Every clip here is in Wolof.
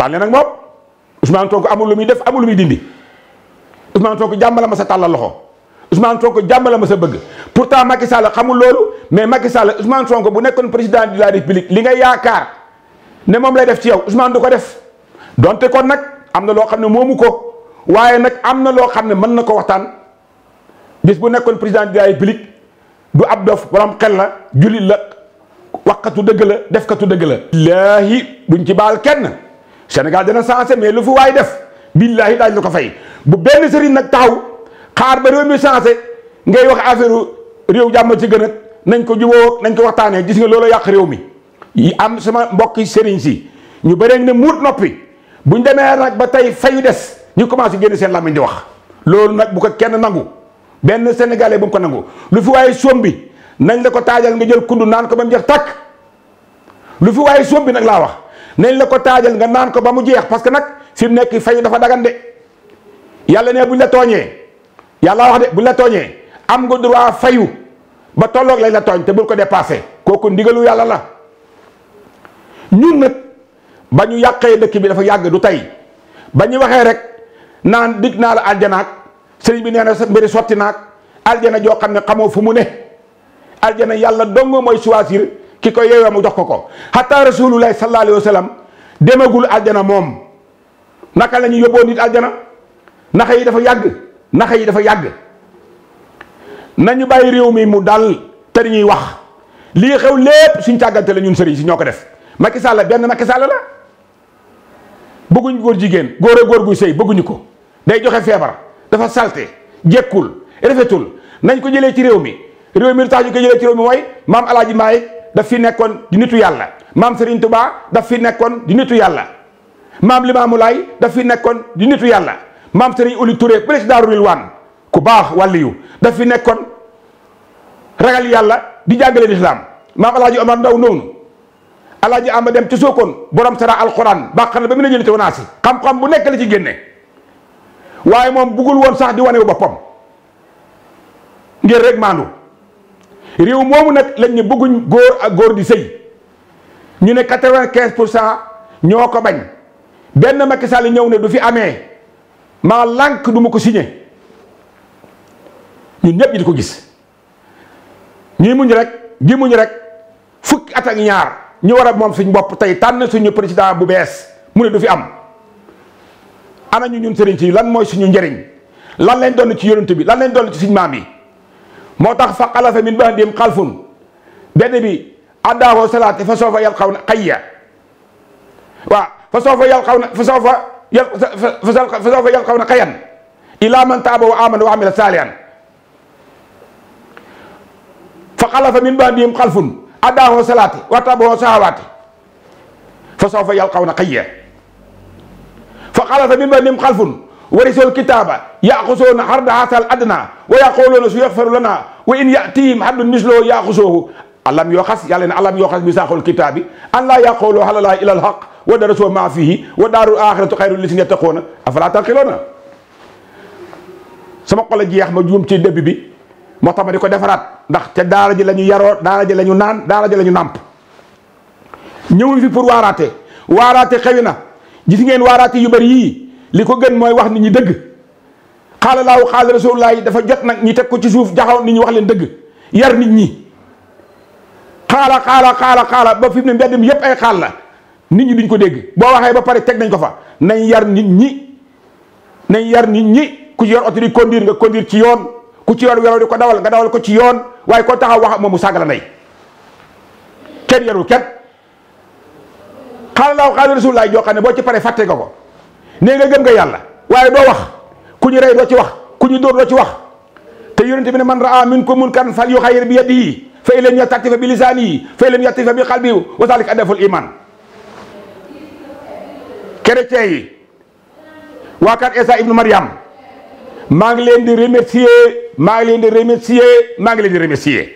waxtaan leen ak moom Ousmane Sonko amul lu muy def amul lu muy dindi Ousmane Sonko jàmbala ma sa tàllal loxo Ousmane Sonko jàmbala ma sa bëgg pourtant Macky Sall xamul loolu mais Macky Sall Ousmane Sonko bu nekkoon président de la république li nga yaakaar ne moom lay def ci yow Ousmane du ko def donte kon nag am na loo xam ne moomu ko waaye nag am na loo xam ne mën na ko waxtaan bis bu nekkoon président de la république du ab dof borom xel la jullit la waxkatu dëgg defkatu dëgg la. laahi buñ ci baal kenn. Sénégal dana changé mais lu fi waay def billaahi daaj la ko fay bu benn sëriñ nag taaw xaar ba réew mi changé ngay wax affaire réew jàmm ci gën nañ ko juboo nañ ko waxtaanee gis nga loolu yàq réew mi yi am sama mbokki sëriñ si ñu bëri ne muut noppi buñ demee nag ba tey fayu des ñu commencé génn seen làmmiñ di wax loolu nag bu ko kenn nangu benn sénégalais bu mu ko nangu lu fi waaye soom bi nañ la ko taajal nga jël kund naan ko ba mu jeex tàkk lu fi waaye bi nag laa wax nañ la ko taajal nga naan ko ba mu jeex parce que nag fi mu nekk fayu dafa dagan de yàlla ne buñ la tooñee yàlla wax de buñ la am nga droit fayu ba tolloog lañ la tooñ te bul ko dépassé kooku ndigalu yàlla la ñun nag ba ñu yàqee dëkk bi dafa yàgg du tey ba ñu waxee rek naan dig naa la aljanaak sëriñ bi nee na mbiri sotti naag aljana joo xam ne xamoo fu mu ne aljana yàlla dong mooy choisir ki ko yeewee mu jox ko ko xataa rasulullahi sallallahu alayhi wa sallam demagul àjjana moom naka la ñu yóbboo nit àjjana naxa yi dafa yàgg naxa yi dafa yàgg nañu bàyyi réew mi mu dal te ñuy wax lii xew lépp suñ càggante la ñun sëriñ si ñoo ko def Macky Sall benn Macky Sall la bëgguñ góor jigéen góor a góor guy sëy bëgguñu ko day joxe feebar dafa salte jekkul rafetul nañ ko jëlee ci réew mi réew mi lu tax ñu ko jëlee ci réew mi mooy maam alaaji maay daf fi nekkoon di nitu yàlla maam Serigne Touba daf fi nekkoon di nitu yàlla maam Limamou Laye daf fi nekkoon di nitu yàlla maam Serigne Oly Touré président Ruril Wan ku baax wàlliyu daf fi nekkoon ragal yàlla di jàngale lislaam maam El Hadj Omar Ndaw noonu El Hadj Ama dem ci Sokone borom sara alxuraan baax na ba mu ne jëli te wanaasi xam bu nekk la ci génne waaye moom buggul woon sax di wane wu boppam ngir rek maandu. réew moomu nag lañ ne bëgguñ góor ak góor di sëy ñu ne quatre-vingt-quinze pour cent ñoo ko bañ benn Macky Sall ñëw ne du fi amee maa lànk du ma ko signé ñu ñëpp ñi di ko gis ñuy muñ rek gi muñ rek fukki at ak ñaar ñu war a moom suñ bopp tey tànn suñu président bu bees mu ne du fi am ana ñu ñun sëriñ si lan mooy suñu njëriñ lan lañ doon ci yonent bi lan lañ doon ci suñ maam yi moo tax fa xalafa min ba'dihim xalfun benn bi addaawoo salaate fa soofa yalqaw na xayya waaw fa soofa yalqaw na fa soofa yal fa soofa yalqaw na xayyan ilaa man taaba wa amana wa amila saalihan fa xalafa min ba'dihim xalfun addaawoo salaate wa tabawoo sahawaate fa soofa yalqaw na xayya fa xalafa min ba'dihim xalfun warisul kitaaba yaaxusoona xarda haasal adna wa yaquluuna su yaxfaru lana wa in yatihim haddun misloo yaaxusoohu alam yoo xas yàlla ne alam yoo xas bi saaxul kitaab bi an laa yaqulu xalalaa ila alxaq wa darasoo maa fihi wa daaru axiratu xayru lisin yattaqoona afalaa taqiloona sama xol a jeex ma juum ci début bi moo tax di ko defaraat ndax te daara ji la ñu yaroo daara ji ñu naan daara ji la ñu nàmp fi pour waaraate waaraate xewi na gis ngeen yu bëri yii li ko gën mooy wax nit ñi dëgg xaala laahu xaala rasulullah yi dafa jot nag ñi teg ko ci suuf jaxaw nit ñi wax leen dëgg yar nit ñi xaala xaala xaala xaala ba mbedd mi yëpp ay xaal la nit ñi duñ ko dégg boo waxee ba pare teg nañ ko fa nañ yar nit ñi nañ yar nit ñi ku ci yor oto di ci yoon ku ci yor welo di ko dawal nga dawal ko ci yoon waaye koo taxaw wax moom mu saaga la ndey kenn yarul kenn xaala laahu xaala rasulullah xam ne boo ci pare fàtte nga ko nee nga gëm nga yàlla waaye doo wax ku ñu rey doo ci wax ku ñu dóor doo ci wax te yonente bi ne man raa minkum munkaran fal yughayyir bi yadihi fa in lam yastati fa bi lisaanihi fa in lam yastati fa bi qalbihi wa zalika adaful iman chrétien yi waa kat Isa ibnu Mariam maa ngi leen di remercier maa ngi leen di remercier maa ngi leen di remercier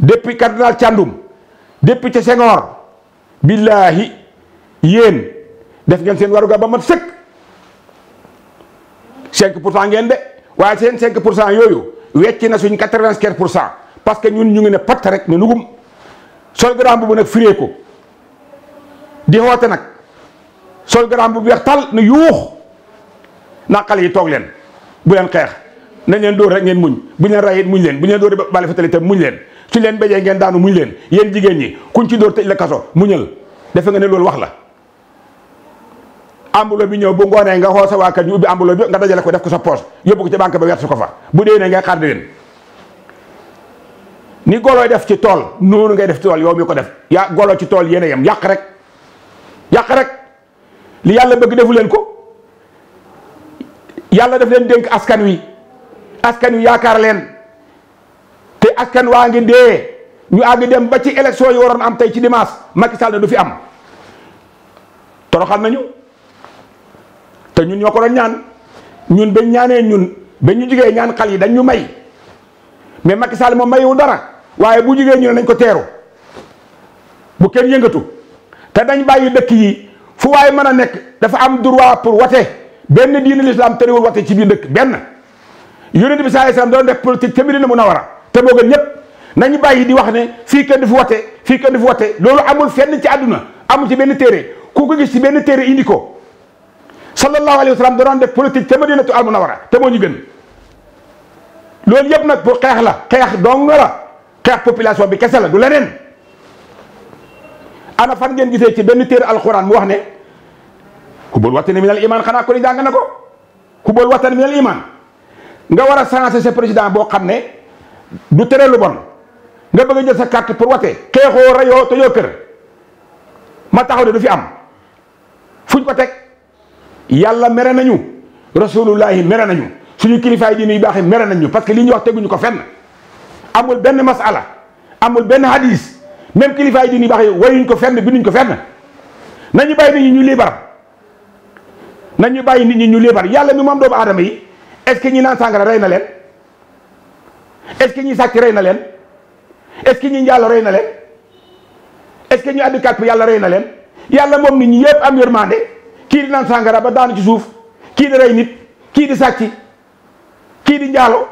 depuis cardinal Thiandoum depuis ca Senghor billahi yéen def ngeen seen waruga ba mat sëkk 5 pour cent ngeen de waaye seen 5 pour cent yooyu wecc na suñ 95 pour cent parce que ñun ñu ngi ne patt rek ne nugum sol garaam bu nag firee ko di xoote nag sol garaam bu weex tal ne yuux naa xale yi toog leen bu leen xeex nañ leen dóor rek ngeen muñ bu leen rayit muñ leen bu leen dóor bale fetali itam muñ leen su leen béjee ngeen daanu muñ leen yéen jigéen ñi kuñ ci dóor tëj la kaso muñal defe nga ne loolu wax la ambulo bi ñëw bu ngoonee nga xool sa waa kër ñu ubbi ambulo bi nga dajale ko def ko sa poche yóbbu ko ci banque ba weer ko fa bu dee ne ngay xar di ni golo def ci tool noonu ngay def ci tool yow mi ko def ya golo ci tool yéen a yem yàq rek yàq li yàlla bëgg defu leen ko yàlla def leen dénk askan wi askan wi yaakaar leen te askan waa ngi dee ñu àgg dem ba ci élection yi waroon am tey ci dimanche Macky Sall na du fi am toroxal nañu. te ñun ñoo ko doon ñaan ñun ba ñaanee ñun ba ñu jigee ñaan xal yi dañ ñu may mais Macky Sall moom mayiwu dara waaye bu jigee ñu ne nañ ko teeru bu kenn yëngatu te dañ bàyyi dëkk yi fu waaye mën a nekk dafa am droit pour wate benn diine l'islam tëriwul wate ci biir dëkk benn yonent bi sallallahu alayhi wasallam doon def politique ca Medina Munawara te moo gën ñëpp nañu bàyyi di wax ne fii kenn du fii kenn du loolu amul fenn ci àdduna amul ci benn téere ku ko gis ci benn téere indi ko sallallahu alayhi wa sallam da doon def politique te madinatu al munawara te moo ñu gën loolu yëpp nag pour xeex la xeex dong la xeex population bi kese la du leneen ana fan ngeen gisee ci benn téere alquran mu wax ne xubal watani minal imaan xanaa ko jàng na ko xubal watani minal nga war a changer sa président boo xam ne du tere lu bon nga bëgg a jël sa carte pour wate xeexoo rayoo te yoo kër ma taxaw ne du fi am fuñ ko teg yàlla mere nañu rasulullahi mere nañu suñu kilifaay diine yu baax yi mere nañu parce que li ñu wax teguñu ko fenn amul benn masala amul benn hadis même kilifaay diine yu baax yi wayuñ ko fenn binduñ ko fenn nañu bàyyi nit ñi ñu liibar nañu bàyyi nit ñi ñu liibar yàlla mi moom doomu aadama yi est-ce ñi naan sàngara rey na leen est-ce que ñi sàcc rey na leen est-ce que ñi njàll rey na leen est-ce que ñu àddi yàlla rey na leen yàlla moom nit ñi yëpp am yërmande kii di naan sàngara ba daanu ci suuf kii di rey nit kii di sàcc kii di njaalo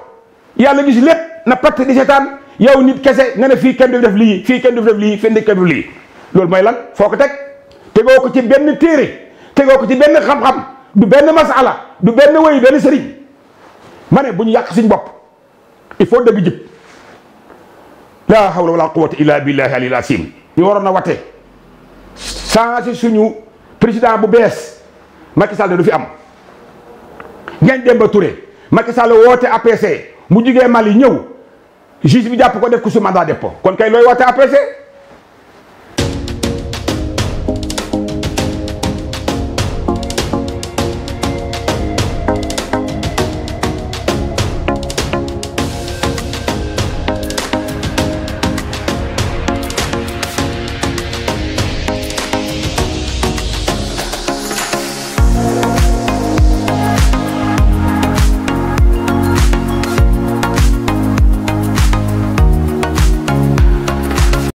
yàlla si lépp na patt di seetaan yow nit kese nga ne fii kenn du def lii fii kenn du def lii fii kenn def lii loolu mooy lan foo ko teg tegoo ko ci benn téere tegoo ko ci benn xam-xam du benn masala du benn woyu benn sëriñ ma ne bu ñu yàq suñ bopp il faut dëgg jëpp laa hawla wala quwwata illa billahi alil asim ñu waroon a wate changé suñu président bu bees Macky Sall ne du fi am ngeen Demba Touré Macky Sall woote APC mu jugee Mali ñëw juge bi jàpp ko def ko su mandat dépôt kon kay looy woote APC.